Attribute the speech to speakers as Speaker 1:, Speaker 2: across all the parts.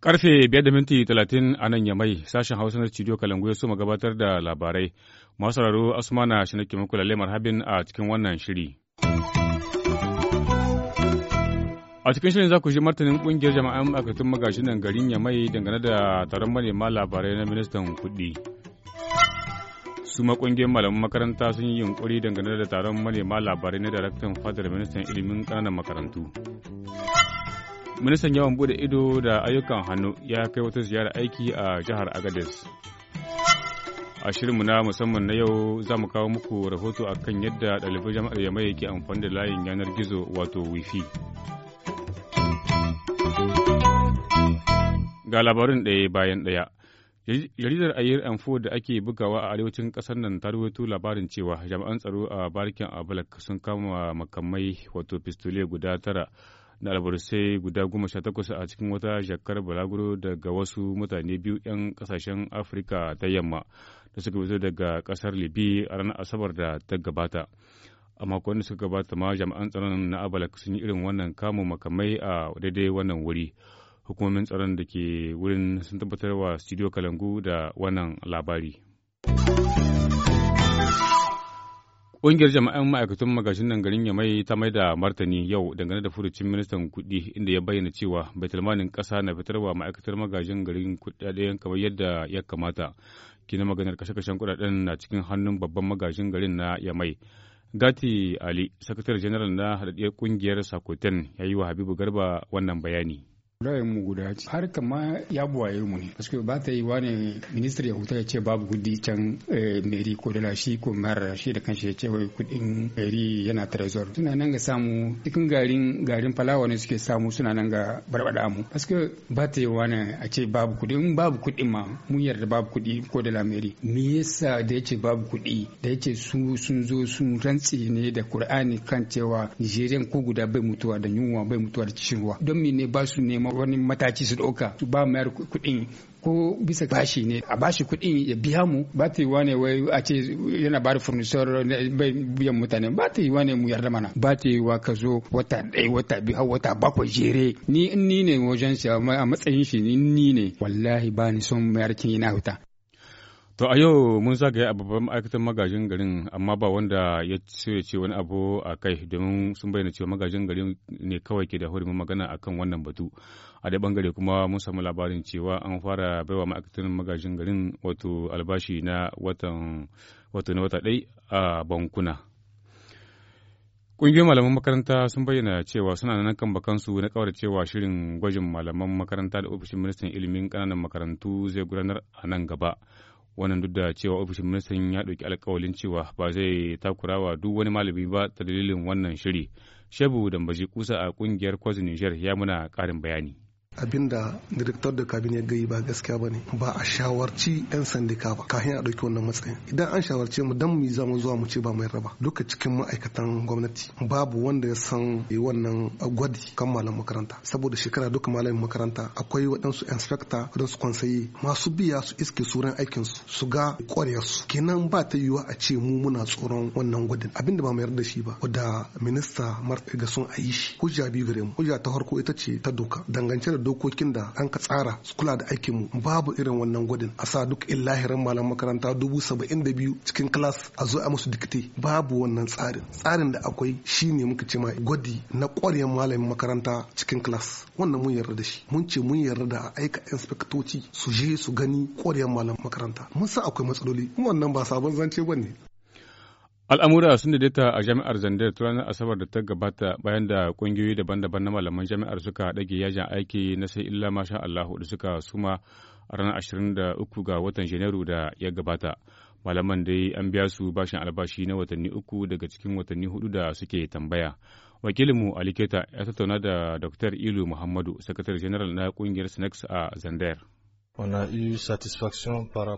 Speaker 1: Karfe biyar da minti talatin a nan yamai sashen Hausa na studio Kalangu ya soma gabatar da labarai. Masu sauraro Asmana shi na muku lalle marhabin a cikin wannan shiri. A cikin shirin za ku ji martanin kungiyar jama'an ma'aikatan magashin nan garin ya mai dangane da taron manema labarai na ministan kuɗi. Su ma kungiyar malaman makaranta sun yi yunkuri dangane da taron manema labarai na daraktan fadar ministan ilimin ƙananan makarantu. Ministan yawon bude ido da ayyukan hannu ya kai wata ziyara aiki a jihar Agadez. a shirinmu na musamman na yau za mu kawo muku rahoto akan yadda ɗalibai jama'ar yamai ke amfani da layin yanar gizo wato wifi. Ga labarin ɗaya bayan ɗaya. Jaridar Ayir anfo da ake bugawa a arewacin ƙasar nan ta rawaito labarin cewa jami'an tsaro a barikin Abalak sun kama makamai wato fistule guda tara na albarsai guda goma sha takwas a cikin wata jakar balaguro daga wasu mutane biyu 'yan kasashen afirka ta yamma da suka fito daga kasar libi a ranar asabar da ta gabata a makon da suka gabata ma jami'an tsaron na abalak sun yi irin wannan kamun makamai a daidai wannan wuri hukumomin tsaron da ke wurin sun tabbatar wa studio kalangu da wannan labari. Ƙungiyar jama'an ma'aikatan magashin nan garin Yamai ta mai da martani yau dangane da furucin ministan kuɗi inda ya bayyana cewa baitulmanin ƙasa na fitar wa ma'aikatar magajin garin kuɗaɗen kamar yadda ya kamata. Kina maganar kashe-kashen kuɗaɗen na cikin hannun babban magajin garin na Yamai. Gati Ali, sakatare janar na haɗaɗɗiyar ƙungiyar Sakoten, ya yi wa Habibu Garba wannan bayani.
Speaker 2: ra'ayin mu guda ce har kama ya buwaye mu ne paske ba ta yi wani ministry ya huta ya ce babu kudi can eh, meri ko da shi ko mara shi da kanshi ya ce wai kudin meri yana trezor suna nan ga samu cikin garin garin falawa ne suke samu suna nan ga barbada mu paske ba ta yi wani a ce babu kudi in babu kudi ma mun yarda babu kudi ko la meri me yasa da ya ce babu kudi da ya ce su sun zo sun rantse ne da Kur'ani kan cewa Nigerian ko guda bai mutuwa da yunwa bai mutuwa da cikin ruwa don me ne ba su nema wani mataki su ɗauka su ba mayar kuɗin ko bisa bashi ne a bashi kuɗin ya biya mu ba ta yi ne wai a ce yana ba da furnisar bai biyan mutane ba ta yi ne mu yarda mana ba ta yi wa ka zo wata ɗaya wata biyu har wata bakwai jere ni in ni ne wajen shi a matsayin shi ni ne wallahi ba ni son mayar kin yana huta
Speaker 1: To a yau mun zagaya a babban ma'aikatan magajin garin amma ba wanda ya ce ce wani abu a kai domin sun bayyana cewa magajin garin ne kawai ke da hurumin magana a kan wannan batu. A da bangare kuma mun samu labarin cewa an fara baiwa ma'aikatan magajin garin wato albashi na watan wato na wata ɗai a bankuna. Ƙungiyar malaman makaranta sun bayyana cewa suna nan kan bakansu na kawar cewa shirin gwajin malaman makaranta da ofishin ministan ilimin ƙananan makarantu zai gudanar a nan gaba. wannan duk da cewa ofishin ministan ya ɗauki alkawalin cewa ba zai takurawa duk wani malami ba ta dalilin wannan shiri shebu dambaji kusa a ƙungiyar kwazin niger ya muna ƙarin bayani
Speaker 2: abin da director da kabin ya gayi ba gaskiya ba ne ba a shawarci 'yan sandika ba kafin a ɗauki wannan matsayin idan an shawarce mu dan mu za mu zuwa mu ce ba mai raba duka cikin ma'aikatan gwamnati babu wanda ya san wannan gwadi kan malam makaranta saboda shekara duka malam makaranta akwai waɗansu inspector waɗansu kwansayi masu biya su iske suran aikin su su ga ƙwarya su kenan ba ta yiwuwa a ce mu muna tsoron wannan gwadin abinda ba mu yarda shi ba da minista marta ga sun ayi shi hujja biyu gare mu hujja ta farko ita ce ta doka dangance da dokokin da an ka tsara su kula da aikin mu babu irin wannan gwadin a sa duk illahirin malam makaranta dubu saba'in da biyu cikin kilas a zo a musu dikte babu wannan tsarin tsarin da akwai shine muka ce ma gwadi na ƙwaryen malamin makaranta cikin kilas wannan mun yarda da shi mun ce mun yarda da a aika inspektoci su je su gani ƙwaryen malam makaranta mun sa akwai matsaloli wannan ba sabon zance ba ne.
Speaker 1: Al'amura sun daidaita a jami'ar Zandar ta ranar Asabar da ta gabata bayan da ƙungiyoyi daban-daban na malaman jami'ar suka ɗage yajin aiki na sai illa masha Allahu da suka suma a ranar uku ga watan Janairu da ya gabata. Malaman dai an biya su bashin albashi na watanni uku daga cikin watanni hudu da suke tambaya. Wakilinmu Ali Keta ya tattauna da Dr. Ilu Muhammadu, Sakatare General na ƙungiyar snacks a Zandar.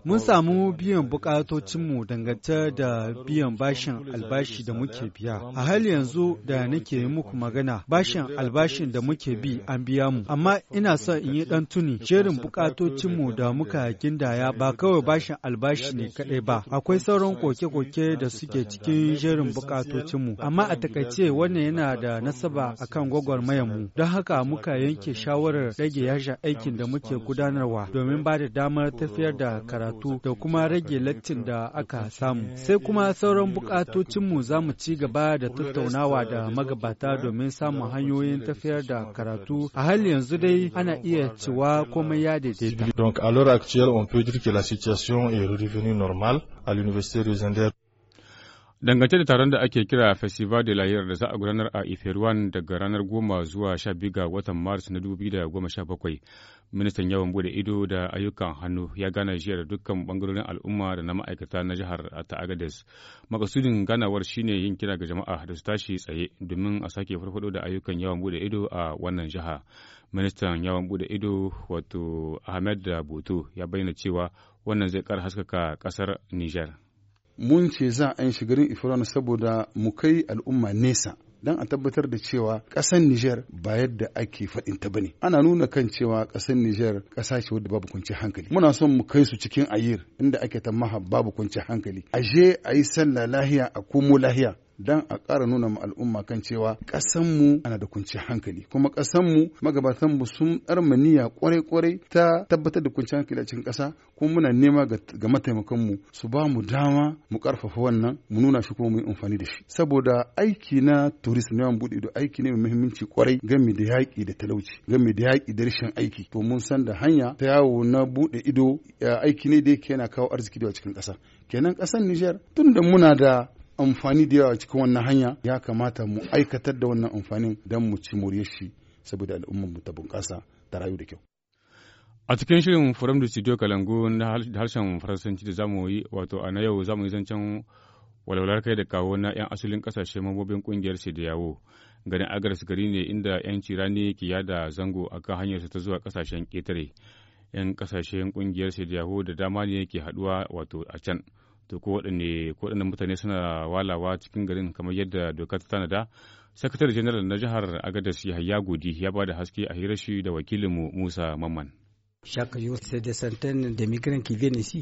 Speaker 3: Mun samu biyan bukatocinmu dangance da biyan bashin albashi da muke biya. A hali yanzu da nake muku magana, bashin albashin da muke bi an biya mu. Amma ina son in yi ɗan tuni, jerin bukatocinmu da muka gindaya ba kawai bashin albashi ne kaɗai ba. Akwai sauran koke-koke da suke cikin jerin bukatocinmu. Amma a takaice wannan yana da nasaba akan mu Don haka muka yanke shawarar rage yashin aikin da muke gudanarwa. domin ba da damar tafiyar da karatu da kuma rage lattin da aka samu. Sai kuma sauran bukatocinmu za mu ci gaba da tattaunawa da magabata domin samun hanyoyin tafiyar da karatu. A hali yanzu dai ana iya cewa komai ya daidaita. Donc à l'heure
Speaker 2: actuelle, on peut dire que la situation est revenue normale à l'université de zander.
Speaker 1: Dangance da taron da ake kira Festival de la da za a gudanar a Iferuwan daga ranar goma zuwa sha ga watan Maris na dubu da goma sha bakwai, ministan yawon bude ido da ayyukan hannu ya gana jiya da dukkan bangarorin al'umma da na ma'aikata na jihar ta Agadez. Makasudin ganawar shine yin kira ga jama'a da su tashi tsaye domin a sake farfado da ayyukan yawon bude ido a wannan jiha. Ministan yawon bude ido wato Ahmed dabutu ya bayyana cewa wannan zai kara haskaka kasar Nijar.
Speaker 2: mun ce za a shi garin Ifiran saboda mu kai al'umma nesa don a tabbatar da cewa ƙasar Nijar ba yadda ake faɗin ta bane. Ana nuna kan cewa ƙasar Nijar ƙasa ce wadda babu kwanciyar hankali. Muna son mu kai su cikin ayir inda ake ta maha babu kwanciyar hankali. Aje a yi sallah lahiya a komo lahiya don a ƙara nuna ma al'umma kan cewa ƙasanmu ana da kwanciyar hankali kuma ƙasanmu magabatanmu sun ɗarmaniya kwarai-kwarai ta tabbatar da kunci hankali a cikin ƙasa kuma muna nema ga mataimakanmu su ba mu dama mu ƙarfafa wannan mu nuna shi kuma mu yi amfani da shi saboda aiki na turist na yawan buɗe ido aiki ne mai muhimmanci kwarai game da yaƙi da talauci game da yaƙi da rashin aiki to mun san da hanya ta yawo na buɗe ido aiki ne da yake yana kawo arziki da cikin ƙasa kenan ƙasar Nijar tun da muna da amfani da yawa cikin wannan hanya ya kamata mu aikatar da wannan amfanin don mu ci muryar shi saboda al'ummar mu ta bunƙasa ta rayu da kyau
Speaker 1: a cikin shirin forum da studio kalangu na harshen faransanci da zamu yi wato a na yau zamu yi zancen walwalar kai da kawo na 'yan asalin kasashe mambobin kungiyar shi da yawo garin agaras gari ne inda 'yan cirani ke yada zango a kan hanyarsa ta zuwa kasashen ƙetare 'yan kasashen kungiyar shi da yawo da dama ne ke haduwa wato a can to ko waɗanne ko waɗanne mutane suna walawa cikin garin kamar yadda doka ta tanada sakatare janar na jihar agadas yahaya godi ya ba da haske a hirar shi da wakilinmu musa mamman
Speaker 3: da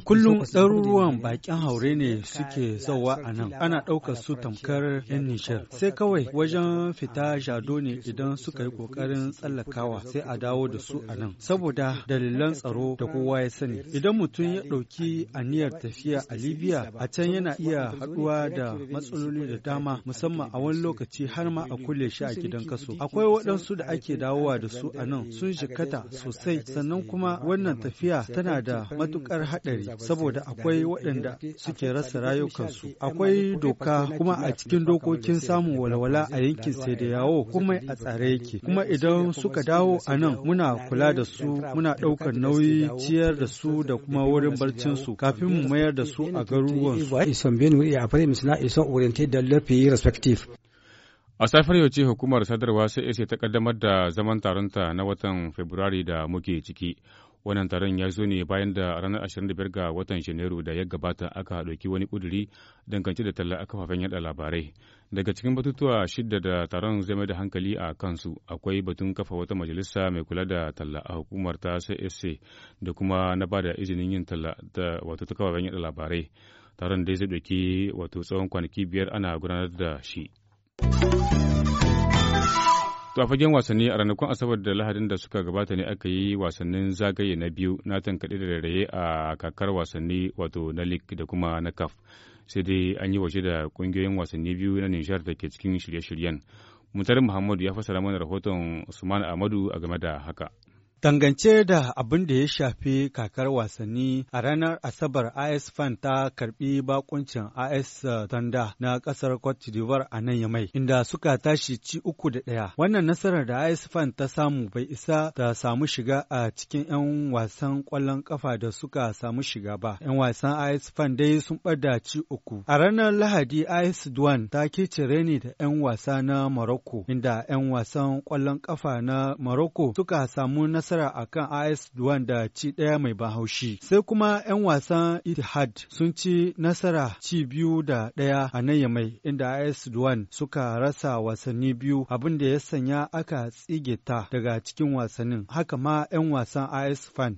Speaker 3: Kullum ɗaruruwan bakin haure ne suke zawa a nan, ana ɗaukar su tamkar 'yan Nishar. Sai kawai wajen fita jado ne idan suka yi ƙoƙarin tsallakawa sai a dawo da su a nan. Saboda dalilan tsaro da kowa ya sani. Idan mutum ya ɗauki aniyar tafiya a Libya, a can yana iya haɗuwa da matsaloli da dama, musamman a wani lokaci har ma a kulle shi a gidan kaso. Akwai waɗansu da ake dawowa da su a nan sun jikata sosai, sannan kuma wannan tafiya tana da matukar haɗari saboda akwai waɗanda suke rasa rayukansu akwai doka kuma a cikin dokokin samun walwala a yankin sai da yawo kuma a tsare yake kuma idan suka dawo a nan muna kula da su muna ɗaukar nauyi ciyar da su da kuma wurin barcin su kafin mu mayar da su a garuruwansu.
Speaker 1: A safar yau ce hukumar sadarwa CAC ta kaddamar da zaman taronta na watan februari da muke ciki. Wannan taron ya zo ne bayan da ranar 25 ga watan Janairu da ya gabata aka ɗauki wani ƙuduri dangance da talla a kafafen yada labarai. Daga cikin batutuwa shidda da taron zai mai da hankali a kansu akwai batun kafa wata majalisa mai kula da talla a hukumar ta SA da kuma na ba da izinin yin talla da wato ta kafafen yada labarai. Taron dai zai ɗauki wato tsawon kwanaki biyar ana gudanar da shi. To a fagen wasanni a ranakun Asabar da Lahadin da suka gabata ne aka yi wasannin zagaye na biyu na tankaɗe da rairaye a kakar wasanni wato na lik da kuma na kaf Sai dai an yi waje da ƙungiyoyin wasanni biyu na Nijar da ke cikin shirye-shiryen. mutar Muhammadu ya fassara mana rahoton Usman Ahmadu a game da haka.
Speaker 3: Dangance da abin da ya shafi kakar wasanni a ranar Asabar AS Fan ta karbi bakuncin AS Tanda na kasar Cote d'Ivoire a nan Yamai inda suka tashi ci uku da ɗaya. Wannan nasarar da AS Fan ta samu bai isa ta samu shiga a cikin 'yan wasan ƙwallon ƙafa da suka samu shiga ba. 'Yan wasan AS Fan dai sun bada ci uku. A ranar Lahadi AS Duan ta kicire ne da 'yan wasa na Morocco inda 'yan wasan ƙwallon ƙafa na Morocco suka samu nasarar nasara a kan AS Duwan da ci ɗaya mai ban haushi, Sai kuma 'yan wasan Itihad sun ci nasara ci biyu da ɗaya a nan mai inda AS Duwan suka rasa wasanni biyu abin da ya sanya aka tsige ta daga cikin wasannin. Haka ma 'yan wasan AS Fan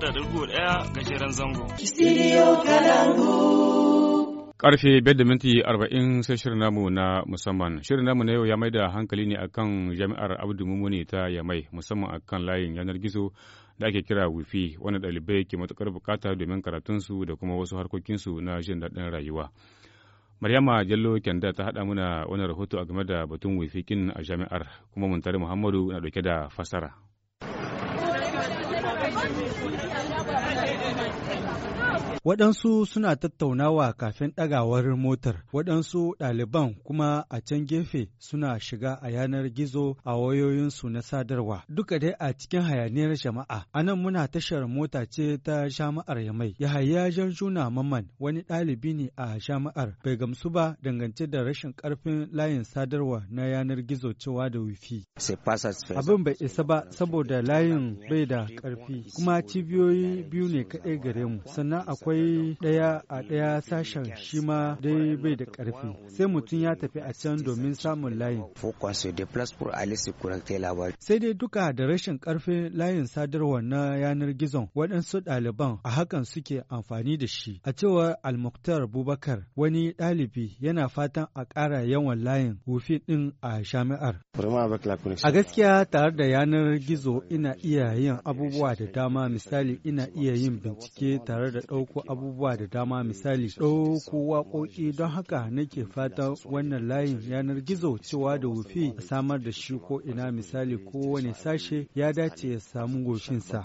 Speaker 3: da daya ga shirin zango.
Speaker 1: Karfe biyar da minti arba'in sai shirin namu na musamman. Shirin namu na yau ya mai da hankali ne akan jami'ar Abdu Mumuni ta Yamai musamman akan layin yanar gizo da ake kira wifi wanda ɗalibai ke matukar bukata domin karatunsu da kuma wasu harkokinsu na jin daɗin rayuwa. Maryama Jallo Kenda ta haɗa mana wani rahoto a game da batun wifi kin a jami'ar kuma Muntari Muhammadu na ɗauke da fasara.
Speaker 3: Gracias. Waɗansu suna tattaunawa kafin ɗagawar motar, waɗansu ɗaliban kuma a can gefe suna shiga a yanar gizo a wayoyinsu na sadarwa. Duka dai a cikin hayaniyar jama'a. Anan muna tashar mota ce ta jami'ar Yamai. Yahaya Janjuna Maman wani ɗalibi ne a jama'ar. bai gamsu ba dangance da rashin ƙarfin layin sadarwa na yanar gizo cewa da wifi. Abin bai isa ba saboda layin bai da ƙarfi kuma cibiyoyi biyu ne kaɗai gare mu sannan akwai akwai ɗaya a ɗaya sashen shi ma dai bai da ƙarfi sai mutum ya tafi a can domin samun layin sai dai duka da rashin ƙarfin layin sadarwa na yanar gizon waɗansu ɗaliban a hakan suke amfani da shi a cewar almuktar bubakar wani ɗalibi yana fatan a ƙara yawan layin wufi ɗin a jami'ar a gaskiya tare da yanar gizo ina iya yin abubuwa da dama misali ina iya yin bincike tare da ɗauko abubuwa da dama misali ɗauko waƙoƙi don haka nake fatan wannan layin yanar gizo cewa da wufi a samar da shi ko ina misali kowane sashe ya dace ya samu goshinsa.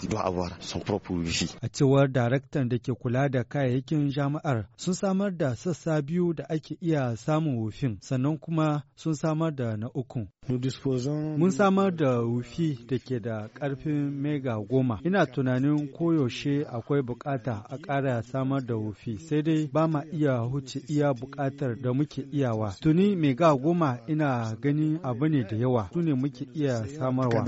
Speaker 3: A cewar daraktan da ke kula da kayayyakin jami'ar sun samar da sassa biyu da ake iya samun wufin sannan kuma sun samar da na uku. Mun samar da wufi da ke da ƙarfin mega goma. Ina tunanin koyaushe akwai bukata a ƙara samar da wofi sai dai ba ma iya huce iya buƙatar da muke iyawa tuni mai ga goma ina gani abu ne da yawa su ne muke iya samarwa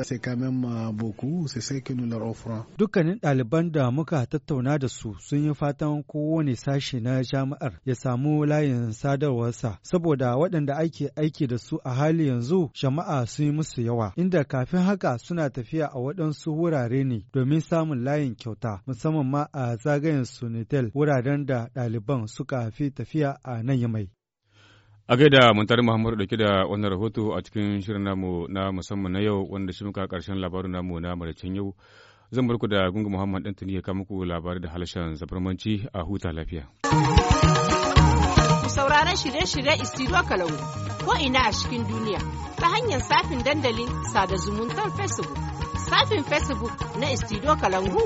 Speaker 3: dukkanin ɗaliban da muka tattauna da su sun yi fatan kowane sashe na jami'ar ya samu layin sadarwarsa saboda waɗanda ake aiki da su a hali yanzu jama'a sun yi musu yawa inda kafin haka suna tafiya a waɗansu wurare ne domin samun layin kyauta musamman ma a zagayen su ne otel wuraren da ɗaliban suka fi tafiya a nan mai.
Speaker 1: A gaida Muntari Muhammadu dauke da wannan rahoto a cikin shirin namu na musamman na yau wanda shi muka karshen labarin namu na maraicin yau. Zan barku da Gungu Muhammad tuni ya kama muku labarin da halashen zabarmanci a huta lafiya.
Speaker 2: Sauraron shirye-shirye Istiro
Speaker 3: Kalau ko ina a cikin duniya ta hanyar safin dandalin sada zumuntar Facebook. Safin Facebook na Istiro Kalangu